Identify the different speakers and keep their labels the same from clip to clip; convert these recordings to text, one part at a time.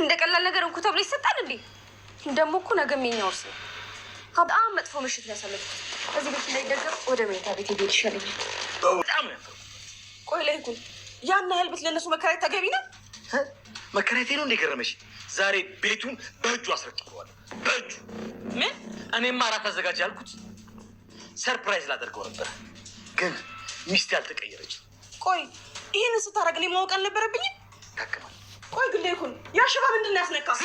Speaker 1: እንደ ቀላል ነገር እንኩ ተብሎ ይሰጣል እንዴ? ደግሞ እኮ ነገ የኛውርስ ነው። በጣም መጥፎ ምሽት ነው ያሳለፍኩት። በዚህ ቤት ላይ ደገም ወደ መኝታ ቤት ሄድ ይሻለኛል። በጣም ቆይ ላይ ኩል ያን ያህል ቤት ለእነሱ መከራየት ተገቢ ነው?
Speaker 2: መከራየቴ ነው እንደ ገረመሽ? ዛሬ ቤቱን በእጁ አስረክበዋለሁ። በእጁ ምን? እኔማ እራት አዘጋጅ ያልኩት ሰርፕራይዝ ላደርገው ነበር፣ ግን ሚስቴ አልተቀየረች።
Speaker 1: ቆይ ይህን ስታደርግ እኔ ማወቅ አልነበረብኝም። ታክማል ቆይ ግሌ ይሁን ያ ሽባ ምንድን ነው ያስነካው?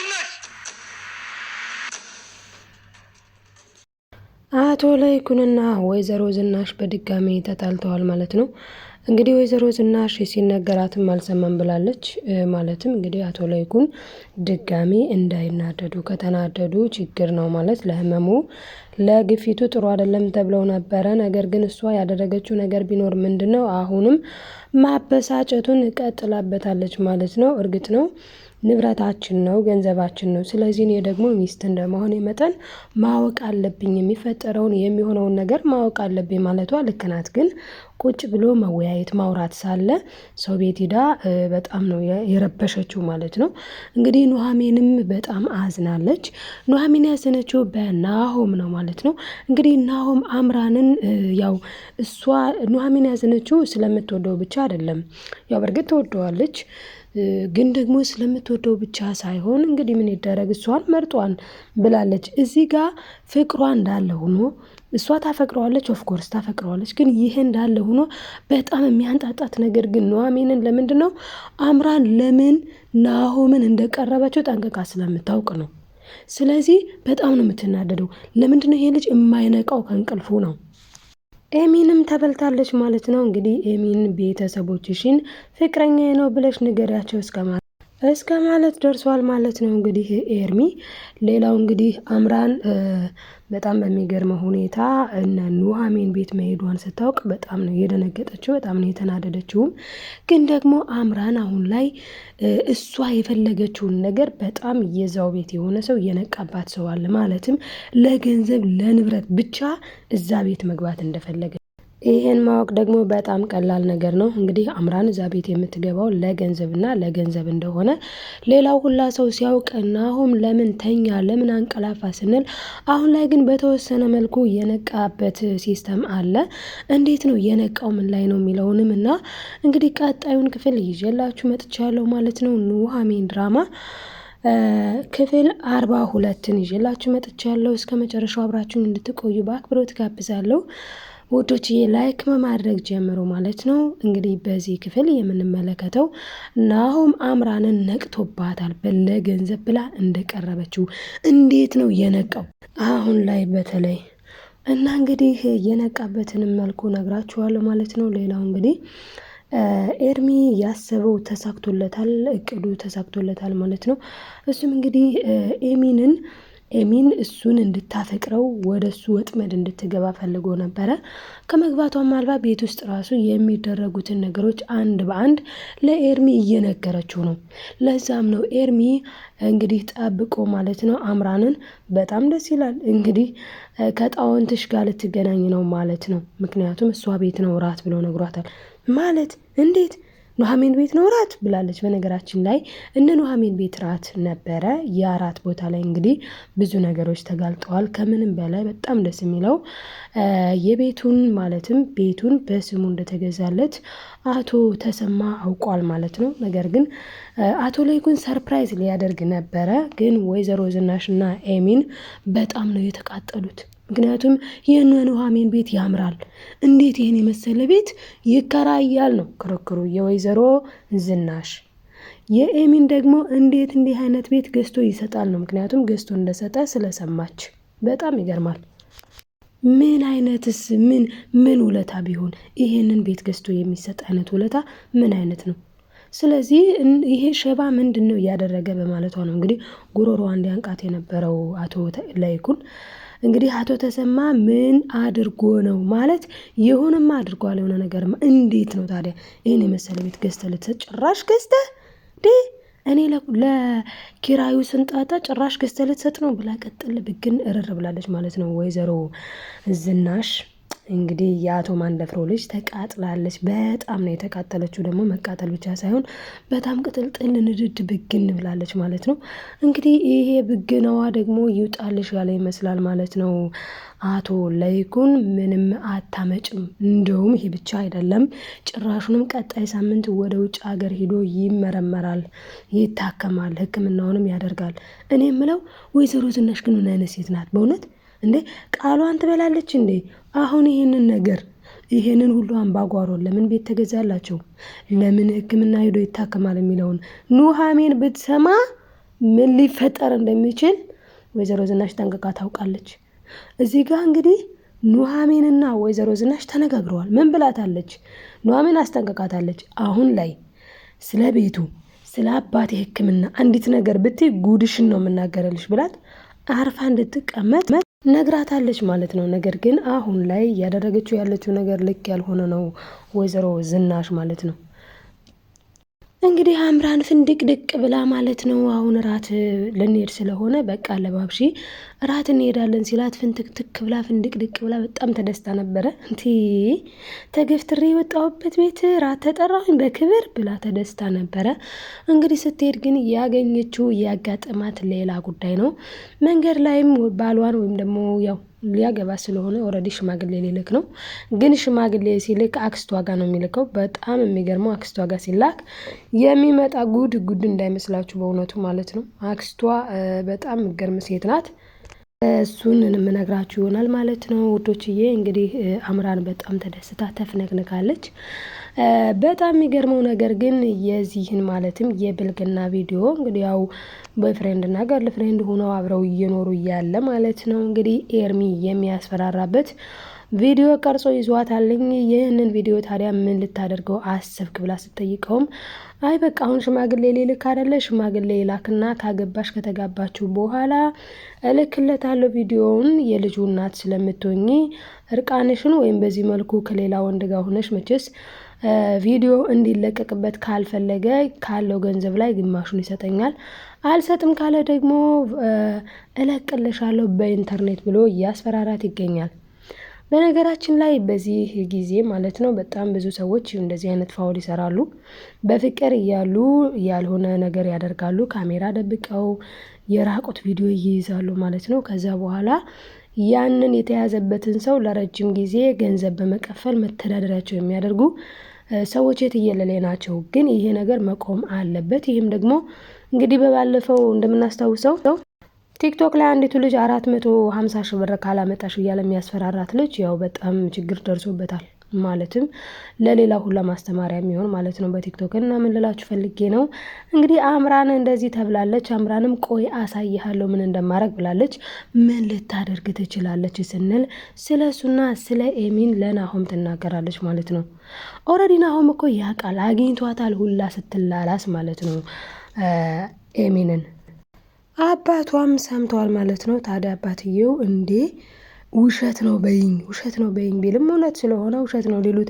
Speaker 3: አቶ ላይኩንና ወይዘሮ ዝናሽ በድጋሚ ተጣልተዋል ማለት ነው። እንግዲህ ወይዘሮ ዝናሽ ሲነገራትም አልሰማም ብላለች። ማለትም እንግዲህ አቶ ላይኩን ድጋሚ እንዳይናደዱ ከተናደዱ ችግር ነው ማለት ለህመሙ ለግፊቱ ጥሩ አይደለም ተብለው ነበረ። ነገር ግን እሷ ያደረገችው ነገር ቢኖር ምንድን ነው? አሁንም ማበሳጨቱን ቀጥላበታለች ማለት ነው። እርግጥ ነው ንብረታችን ነው፣ ገንዘባችን ነው። ስለዚህ እኔ ደግሞ ሚስት እንደመሆኔ መጠን ማወቅ አለብኝ፣ የሚፈጠረውን የሚሆነውን ነገር ማወቅ አለብኝ ማለቷ ልክ ናት ግን ቁጭ ብሎ መወያየት ማውራት ሳለ ሰው ቤት ሄዳ በጣም ነው የረበሸችው ማለት ነው። እንግዲህ ኑሐሚንም በጣም አዝናለች። ኑሐሚን ያዘነችው በናሆም ነው ማለት ነው። እንግዲህ ናሆም አምራንን ያው እሷ ኑሐሚን ያዘነችው ስለምትወደው ብቻ አይደለም። ያው በእርግጥ ትወደዋለች ግን ደግሞ ስለምትወደው ብቻ ሳይሆን እንግዲህ ምን ይደረግ እሷን መርጧን ብላለች። እዚህ ጋር ፍቅሯ እንዳለ ሆኖ እሷ ታፈቅረዋለች፣ ኦፍኮርስ ታፈቅረዋለች። ግን ይህ እንዳለ ሆኖ በጣም የሚያንጣጣት ነገር ግን ኑሐሚንን ለምንድን ነው አምራን ለምን ናሆምን እንደቀረበችው ጠንቅቃ ስለምታውቅ ነው። ስለዚህ በጣም ነው የምትናደደው። ለምንድን ነው ይሄ ልጅ የማይነቃው ከእንቅልፉ ነው? ኤሚንም ተበልታለች ማለት ነው። እንግዲህ ኤሚን ቤተሰቦችሽን ፍቅረኛ ነው ብለሽ ንገሪያቸው እስከማ እስከ ማለት ደርሷል ማለት ነው። እንግዲህ ኤርሚ ሌላው እንግዲህ አምራን በጣም በሚገርመው ሁኔታ እነ ኑሐሚን ቤት መሄዷን ስታውቅ በጣም ነው የደነገጠችው፣ በጣም ነው የተናደደችውም። ግን ደግሞ አምራን አሁን ላይ እሷ የፈለገችውን ነገር በጣም የዛው ቤት የሆነ ሰው እየነቃባት ሰው አለ። ማለትም ለገንዘብ ለንብረት ብቻ እዛ ቤት መግባት እንደፈለገ ይህን ማወቅ ደግሞ በጣም ቀላል ነገር ነው። እንግዲህ አምራን እዛ ቤት የምትገባው ለገንዘብና ለገንዘብ እንደሆነ ሌላው ሁላ ሰው ሲያውቅ ናሆም ለምን ተኛ ለምን አንቀላፋ ስንል፣ አሁን ላይ ግን በተወሰነ መልኩ የነቃበት ሲስተም አለ። እንዴት ነው የነቃው? ምን ላይ ነው የሚለውንም እና እንግዲህ ቀጣዩን ክፍል ይዤላችሁ መጥቻለሁ ማለት ነው ኑሃሚን ድራማ ክፍል አርባ ሁለትን ይዤላችሁ መጥቻለሁ። እስከ መጨረሻው አብራችሁን እንድትቆዩ በአክብሮት ጋብዛለሁ። ውዶችዬ ላይክ በማድረግ ጀምሮ ማለት ነው። እንግዲህ በዚህ ክፍል የምንመለከተው ናሆም አምራንን ነቅቶባታል። ለገንዘብ ብላ እንደቀረበችው እንዴት ነው የነቀው አሁን ላይ በተለይ እና እንግዲህ የነቃበትንም መልኩ ነግራችኋለሁ ማለት ነው። ሌላው እንግዲህ ኤርሚ ያሰበው ተሳክቶለታል፣ እቅዱ ተሳክቶለታል ማለት ነው። እሱም እንግዲህ ኤሚንን ኤሚን እሱን እንድታፈቅረው ወደ እሱ ወጥመድ እንድትገባ ፈልጎ ነበረ። ከመግባቷም አልባ ቤት ውስጥ ራሱ የሚደረጉትን ነገሮች አንድ በአንድ ለኤርሚ እየነገረችው ነው። ለዛም ነው ኤርሚ እንግዲህ ጠብቆ ማለት ነው አምራንን። በጣም ደስ ይላል እንግዲህ ከጣውንትሽ ጋር ልትገናኝ ነው ማለት ነው። ምክንያቱም እሷ ቤት ነው እራት ብሎ ነግሯታል ማለት እንዴት ኑሐሚን ቤት ነው እራት ብላለች። በነገራችን ላይ እነ ኑሐሚን ቤት እራት ነበረ። የአራት ቦታ ላይ እንግዲህ ብዙ ነገሮች ተጋልጠዋል። ከምንም በላይ በጣም ደስ የሚለው የቤቱን ማለትም ቤቱን በስሙ እንደተገዛለት አቶ ተሰማ አውቋል ማለት ነው። ነገር ግን አቶ ግን ሰርፕራይዝ ሊያደርግ ነበረ። ግን ወይዘሮ ዝናሽና ኤሚን በጣም ነው የተቃጠሉት። ምክንያቱም ይህንን ውሃሜን ቤት ያምራል፣ እንዴት ይህን የመሰለ ቤት ይከራያል ነው ክርክሩ የወይዘሮ ዝናሽ። የኤሚን ደግሞ እንዴት እንዲህ አይነት ቤት ገዝቶ ይሰጣል ነው። ምክንያቱም ገዝቶ እንደሰጠ ስለሰማች በጣም ይገርማል። ምን አይነትስ ምን ምን ውለታ ቢሆን ይሄንን ቤት ገዝቶ የሚሰጥ አይነት ውለታ ምን አይነት ነው? ስለዚህ ይሄ ሸባ ምንድን ነው እያደረገ በማለቷ ነው እንግዲህ ጉሮሮዋ እንዲያንቃት የነበረው አቶ ላይኩን እንግዲህ አቶ ተሰማ ምን አድርጎ ነው ማለት የሆነማ አድርጓል የሆነ ነገር እንዴት ነው ታዲያ ይህን የመሰለ ቤት ገዝተ ልትሰጥ ጭራሽ ገዝተ ዴ እኔ ለኪራዩ ስንጣጣ ጭራሽ ገዝተ ልትሰጥ ነው ብላ ቀጥል ብግን እርር ብላለች ማለት ነው ወይዘሮ ዝናሽ እንግዲህ የአቶ ማንደፍሮ ልጅ ተቃጥላለች። በጣም ነው የተቃጠለችው። ደግሞ መቃጠል ብቻ ሳይሆን በጣም ቅጥልጥል ንድድ ብግን ብላለች ማለት ነው። እንግዲህ ይሄ ብግነዋ ደግሞ ይውጣልሽ ያለ ይመስላል ማለት ነው። አቶ ለይኩን ምንም አታመጭም። እንደውም ይሄ ብቻ አይደለም፣ ጭራሹንም ቀጣይ ሳምንት ወደ ውጭ ሀገር ሄዶ ይመረመራል፣ ይታከማል፣ ሕክምናውንም ያደርጋል። እኔ የምለው ወይዘሮ ዝናሽ ግን ምን አይነት ሴት ናት በእውነት? እንዴ ቃሏን ትበላለች እንዴ? አሁን ይህንን ነገር ይህንን ሁሉ አምባጓሮ ለምን ቤት ተገዛላቸው? ለምን ሕክምና ሄዶ ይታከማል የሚለውን ኑሐሚን ብትሰማ ምን ሊፈጠር እንደሚችል ወይዘሮ ዝናሽ ጠንቅቃ ታውቃለች። እዚህ ጋር እንግዲህ ኑሐሚንና ወይዘሮ ዝናሽ ተነጋግረዋል። ምን ብላታለች? ኑሐሚን አስጠንቅቃታለች። አሁን ላይ ስለ ቤቱ ስለ አባቴ ሕክምና አንዲት ነገር ብትይ ጉድሽን ነው የምናገረልሽ ብላት አርፋ እንድትቀመጥ ነግራታለች ማለት ነው። ነገር ግን አሁን ላይ እያደረገችው ያለችው ነገር ልክ ያልሆነ ነው ወይዘሮ ዝናሽ ማለት ነው። እንግዲህ አምራን ፍንድቅ ድቅ ብላ ማለት ነው። አሁን እራት ልንሄድ ስለሆነ በቃ ለባብሺ እራት እንሄዳለን ሲላት ፍንትክትክ ብላ ፍንድቅ ድቅ ብላ በጣም ተደስታ ነበረ። እንቲ ተገፍትሬ የወጣሁበት ቤት እራት ተጠራሁኝ በክብር ብላ ተደስታ ነበረ። እንግዲህ ስትሄድ ግን ያገኘችው ያጋጠማት ሌላ ጉዳይ ነው። መንገድ ላይም ባሏን ወይም ደግሞ ያው ሊያገባ ስለሆነ ኦልሬዲ ሽማግሌ ሊልክ ነው። ግን ሽማግሌ ሲልክ አክስቷ ጋ ነው የሚልከው። በጣም የሚገርመው አክስቷ ጋ ሲላክ የሚመጣ ጉድ ጉድ እንዳይመስላችሁ በእውነቱ ማለት ነው። አክስቷ በጣም የምትገርም ሴት ናት። እሱን የምነግራችሁ ይሆናል ማለት ነው ውዶችዬ። እንግዲህ አምራን በጣም ተደስታ ተፍነቅንቃለች። በጣም የሚገርመው ነገር ግን የዚህን ማለትም የብልግና ቪዲዮ እንግዲህ ያው ቦይፍሬንድና ገርል ፍሬንድ ሆነው አብረው እየኖሩ እያለ ማለት ነው እንግዲህ ኤርሚ የሚያስፈራራበት ቪዲዮ ቀርጾ ይዟታልኝ። ይህንን ቪዲዮ ታዲያ ምን ልታደርገው አሰብክ ብላ ስትጠይቀውም አይ በቃ አሁን ሽማግሌ ሊልክ አይደለ? ሽማግሌ ላክና ካገባሽ ከተጋባችሁ በኋላ እልክለታለሁ ቪዲዮውን። የልጁ እናት ስለምትሆኚ እርቃንሽን ወይም በዚህ መልኩ ከሌላ ወንድ ጋር ሆነሽ መቼስ ቪዲዮ እንዲለቀቅበት ካልፈለገ ካለው ገንዘብ ላይ ግማሹን ይሰጠኛል፣ አልሰጥም ካለ ደግሞ እለቅልሻለሁ በኢንተርኔት ብሎ እያስፈራራት ይገኛል። በነገራችን ላይ በዚህ ጊዜ ማለት ነው በጣም ብዙ ሰዎች እንደዚህ አይነት ፋውል ይሰራሉ። በፍቅር እያሉ ያልሆነ ነገር ያደርጋሉ ካሜራ ደብቀው የራቁት ቪዲዮ ይይዛሉ ማለት ነው። ከዛ በኋላ ያንን የተያዘበትን ሰው ለረጅም ጊዜ ገንዘብ በመቀፈል መተዳደሪያቸው የሚያደርጉ ሰዎች የትየለሌ ናቸው። ግን ይሄ ነገር መቆም አለበት። ይህም ደግሞ እንግዲህ በባለፈው እንደምናስታውሰው ቲክቶክ ላይ አንዲቱ ልጅ አራት መቶ ሀምሳ ሺህ ብር ካላመጣሽ እያለ የሚያስፈራራት ልጅ ያው በጣም ችግር ደርሶበታል። ማለትም ለሌላ ሁላ ማስተማሪያ የሚሆን ማለት ነው። በቲክቶክ እና ምን ልላችሁ ፈልጌ ነው እንግዲህ አምራን እንደዚህ ተብላለች። አምራንም ቆይ አሳይሃለሁ ምን እንደማረግ ብላለች። ምን ልታደርግ ትችላለች ስንል ስለ እሱና ስለ ኤሚን ለናሆም ትናገራለች ማለት ነው። ኦልሬዲ ናሆም እኮ ያውቃል፣ አግኝቷታል ሁላ ስትላላስ ማለት ነው ኤሚንን አባቷም ሰምተዋል ማለት ነው። ታዲያ አባትየው እንዴ ውሸት ነው በይኝ ውሸት ነው በይኝ ቢልም እውነት ስለሆነ ውሸት ነው ሊሉት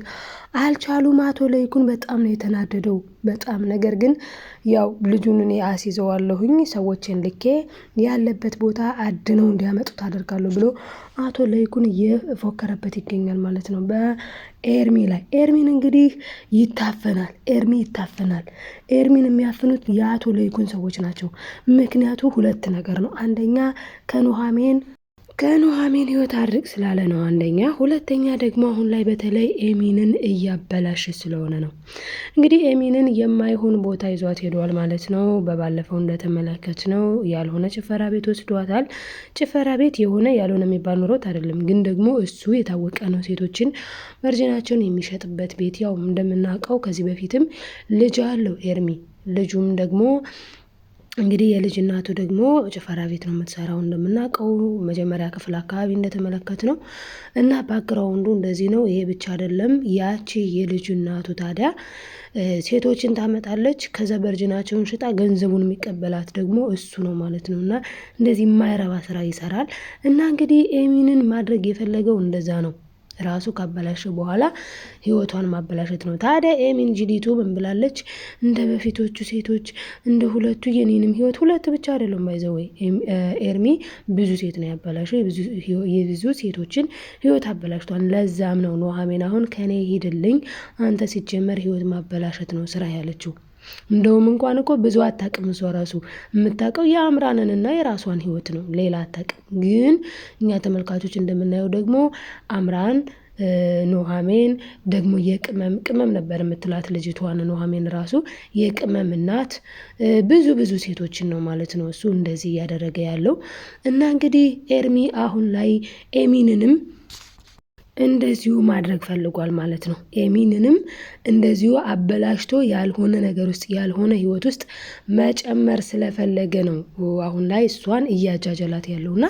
Speaker 3: አልቻሉም። አቶ ለይኩን በጣም ነው የተናደደው፣ በጣም ነገር ግን ያው ልጁን እኔ አስይዘዋለሁኝ ሰዎችን ልኬ ያለበት ቦታ አድነው እንዲያመጡት አደርጋለሁ ብሎ አቶ ለይኩን እየፎከረበት ይገኛል ማለት ነው በኤርሚ ላይ። ኤርሚን እንግዲህ ይታፈናል፣ ኤርሚ ይታፈናል። ኤርሚን የሚያፍኑት የአቶ ለይኩን ሰዎች ናቸው። ምክንያቱ ሁለት ነገር ነው። አንደኛ ከኑሃሜን ከኑሐሚን ህይወት አድርቅ ስላለ ነው አንደኛ። ሁለተኛ ደግሞ አሁን ላይ በተለይ ኤሚንን እያበላሽ ስለሆነ ነው። እንግዲህ ኤሚንን የማይሆን ቦታ ይዟት ሄዷል ማለት ነው። በባለፈው እንደተመለከት ነው ያልሆነ ጭፈራ ቤት ወስዷታል። ጭፈራ ቤት የሆነ ያልሆነ የሚባል ኑሮት አይደለም፣ ግን ደግሞ እሱ የታወቀ ነው። ሴቶችን መርጅናቸውን የሚሸጥበት ቤት ያው እንደምናውቀው ከዚህ በፊትም ልጅ አለው ኤርሚ ልጁም ደግሞ እንግዲህ የልጅ እናቱ ደግሞ ጭፈራ ቤት ነው የምትሰራው እንደምናውቀው መጀመሪያ ክፍል አካባቢ እንደተመለከት ነው እና ባክግራውንዱ እንደዚህ ነው። ይሄ ብቻ አይደለም። ያቺ የልጅ እናቱ ታዲያ ሴቶችን ታመጣለች። ከዛ በእርጅናቸውን ሽጣ ገንዘቡን የሚቀበላት ደግሞ እሱ ነው ማለት ነው እና እንደዚህ የማይረባ ስራ ይሰራል እና እንግዲህ ኤሚንን ማድረግ የፈለገው እንደዛ ነው። ራሱ ካበላሸ በኋላ ህይወቷን ማበላሸት ነው። ታዲያ ኤሚን ጅሊቱ ምን ብላለች? እንደ በፊቶቹ ሴቶች እንደ ሁለቱ የኔንም ህይወት ሁለት ብቻ አይደለም ባይዘው ኤርሚ ብዙ ሴት ነው ያበላሸው፣ የብዙ ሴቶችን ህይወት አበላሽቷል። ለዛም ነው ኑሐሚን አሁን ከኔ ሂድልኝ አንተ ሲጀመር ህይወት ማበላሸት ነው ስራ ያለችው። እንደውም እንኳን እኮ ብዙ አታውቅም እሷ ራሱ የምታውቀው የአምራንንና የራሷን ህይወት ነው፣ ሌላ አታውቅም። ግን እኛ ተመልካቾች እንደምናየው ደግሞ አምራን ኖሃሜን ደግሞ የቅመም ቅመም ነበር የምትላት ልጅቷን ኖሃሜን ራሱ የቅመም እናት ብዙ ብዙ ሴቶችን ነው ማለት ነው እሱ እንደዚህ እያደረገ ያለው እና እንግዲህ ኤርሚ አሁን ላይ ኤሚንንም እንደዚሁ ማድረግ ፈልጓል ማለት ነው። ኤሚንንም እንደዚሁ አበላሽቶ ያልሆነ ነገር ውስጥ ያልሆነ ህይወት ውስጥ መጨመር ስለፈለገ ነው አሁን ላይ እሷን እያጃጀላት ያለውና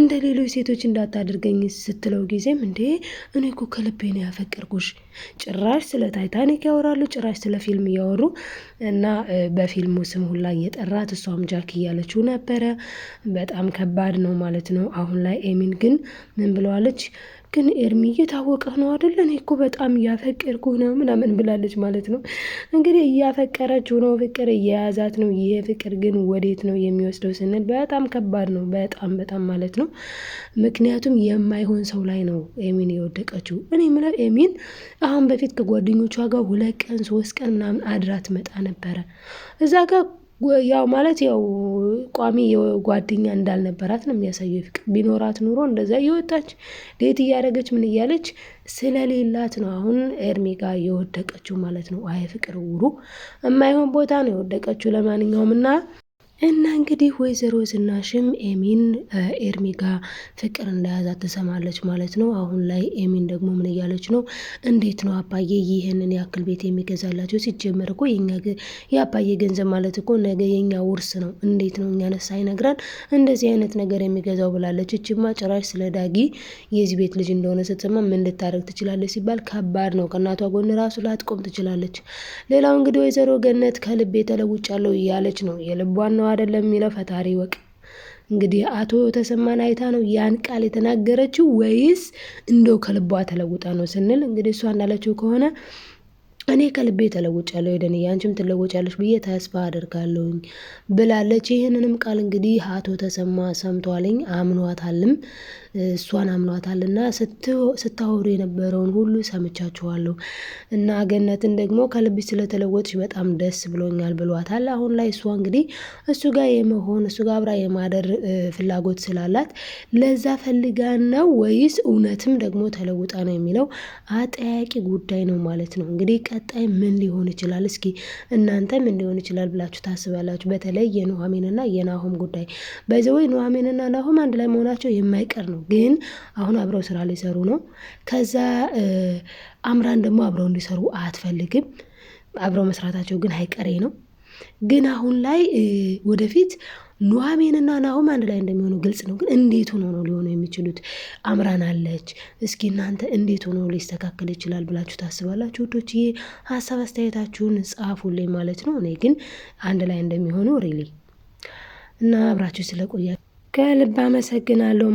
Speaker 3: እንደ ሌሎች ሴቶች እንዳታደርገኝ ስትለው ጊዜም እንዴ እኔ እኮ ከልቤ ነው ያፈቀርኩሽ፣ ጭራሽ ስለ ታይታኒክ ያወራሉ፣ ጭራሽ ስለ ፊልም እያወሩ እና በፊልሙ ስም ሁላ እየጠራት እሷም ጃክ እያለችው ነበረ። በጣም ከባድ ነው ማለት ነው። አሁን ላይ ኤሚን ግን ምን ብለዋለች? ግን ኤርሚ እየታወቀ ነው አይደለ? እኔ እኮ በጣም እያፈቀርኩ ነው ምናምን ብላለች ማለት ነው። እንግዲህ እያፈቀረችው ነው፣ ፍቅር እየያዛት ነው። ይሄ ፍቅር ግን ወዴት ነው የሚወስደው ስንል በጣም ከባድ ነው፣ በጣም በጣም ማለት ነው። ምክንያቱም የማይሆን ሰው ላይ ነው ኤሚን የወደቀችው። እኔ የምለው ኤሚን አሁን በፊት ከጓደኞቿ ጋር ሁለት ቀን ሶስት ቀን ምናምን አድራ ትመጣ ነበረ እዛ ጋር ያው ማለት ያው ቋሚ ጓደኛ እንዳልነበራት ነው የሚያሳየው። ፍቅር ቢኖራት ኑሮ እንደዛ እየወጣች ዴት እያደረገች ምን እያለች ስለሌላት ነው አሁን ኤርሚ ጋር የወደቀችው ማለት ነው። አይ ፍቅር ውሩ የማይሆን ቦታ ነው የወደቀችው። ለማንኛውም እና እና እንግዲህ ወይዘሮ ዝናሽም ኤሚን ኤርሚ ፍቅር እንደያዛት ትሰማለች ማለት ነው። አሁን ላይ ኤሚን ደግሞ ምን እያለች ነው? እንዴት ነው አባዬ ይህንን ያክል ቤት የሚገዛላቸው? ሲጀመር እኮ የአባዬ ገንዘብ ማለት እኮ ነገ የኛ ውርስ ነው። እንዴት ነው እኛን ሳይነግረን እንደዚህ አይነት ነገር የሚገዛው ብላለች። እችማ ጭራሽ ስለ ዳጊ የዚህ ቤት ልጅ እንደሆነ ስትሰማ ምን ልታደርግ ትችላለች ሲባል ከባድ ነው። ከእናቷ ጎን ራሱ ላትቆም ትችላለች። ሌላው እንግዲህ ወይዘሮ ገነት ከልቤ ተለውጫለሁ እያለች ነው የልቧን ነው ነው አይደለም የሚለው ፈጣሪ ወቅ። እንግዲህ አቶ ተሰማን አይታ ነው ያን ቃል የተናገረችው ወይስ እንደው ከልቧ ተለውጣ ነው ስንል እንግዲህ እሷ እንዳለችው ከሆነ እኔ ከልቤ ተለውጫለሁ ሄደንዬ አንቺም ትለወጫለች ብዬ ተስፋ አደርጋለሁኝ ብላለች። ይህንንም ቃል እንግዲህ አቶ ተሰማ ሰምቷልኝ አምኗታልም። እሷን አምኗታል እና ስታወሩ የነበረውን ሁሉ ሰምቻችኋለሁ እና ገነትን ደግሞ ከልብሽ ስለተለወጥሽ በጣም ደስ ብሎኛል ብሏታል። አሁን ላይ እሷ እንግዲህ እሱ ጋር የመሆን እሱ ጋር አብራ የማደር ፍላጎት ስላላት ለዛ ፈልጋ ነው ወይስ እውነትም ደግሞ ተለውጣ ነው የሚለው አጠያቂ ጉዳይ ነው ማለት ነው። እንግዲህ ቀጣይ ምን ሊሆን ይችላል? እስኪ እናንተ ምን ሊሆን ይችላል ብላችሁ ታስባላችሁ? በተለይ የኑሐሚንና የናሆም ጉዳይ በዚወይ ኑሐሚንና ናሆም አንድ ላይ መሆናቸው የማይቀር ነው። ግን አሁን አብረው ስራ ሊሰሩ ነው። ከዛ አምራን ደግሞ አብረው እንዲሰሩ አትፈልግም። አብረው መስራታቸው ግን አይቀሬ ነው። ግን አሁን ላይ ወደፊት ኑሐሚንና ናሁም አንድ ላይ እንደሚሆኑ ግልጽ ነው። ግን እንዴት ሆኖ ነው ሊሆኑ የሚችሉት? አምራን አለች። እስኪ እናንተ እንዴት ሆኖ ሊስተካከል ይችላል ብላችሁ ታስባላችሁ? ውዶችዬ ሀሳብ አስተያየታችሁን ጻፉልኝ ማለት ነው። እኔ ግን አንድ ላይ እንደሚሆኑ ሪሊ እና አብራችሁ ስለቆያ ከልብ አመሰግናለሁ።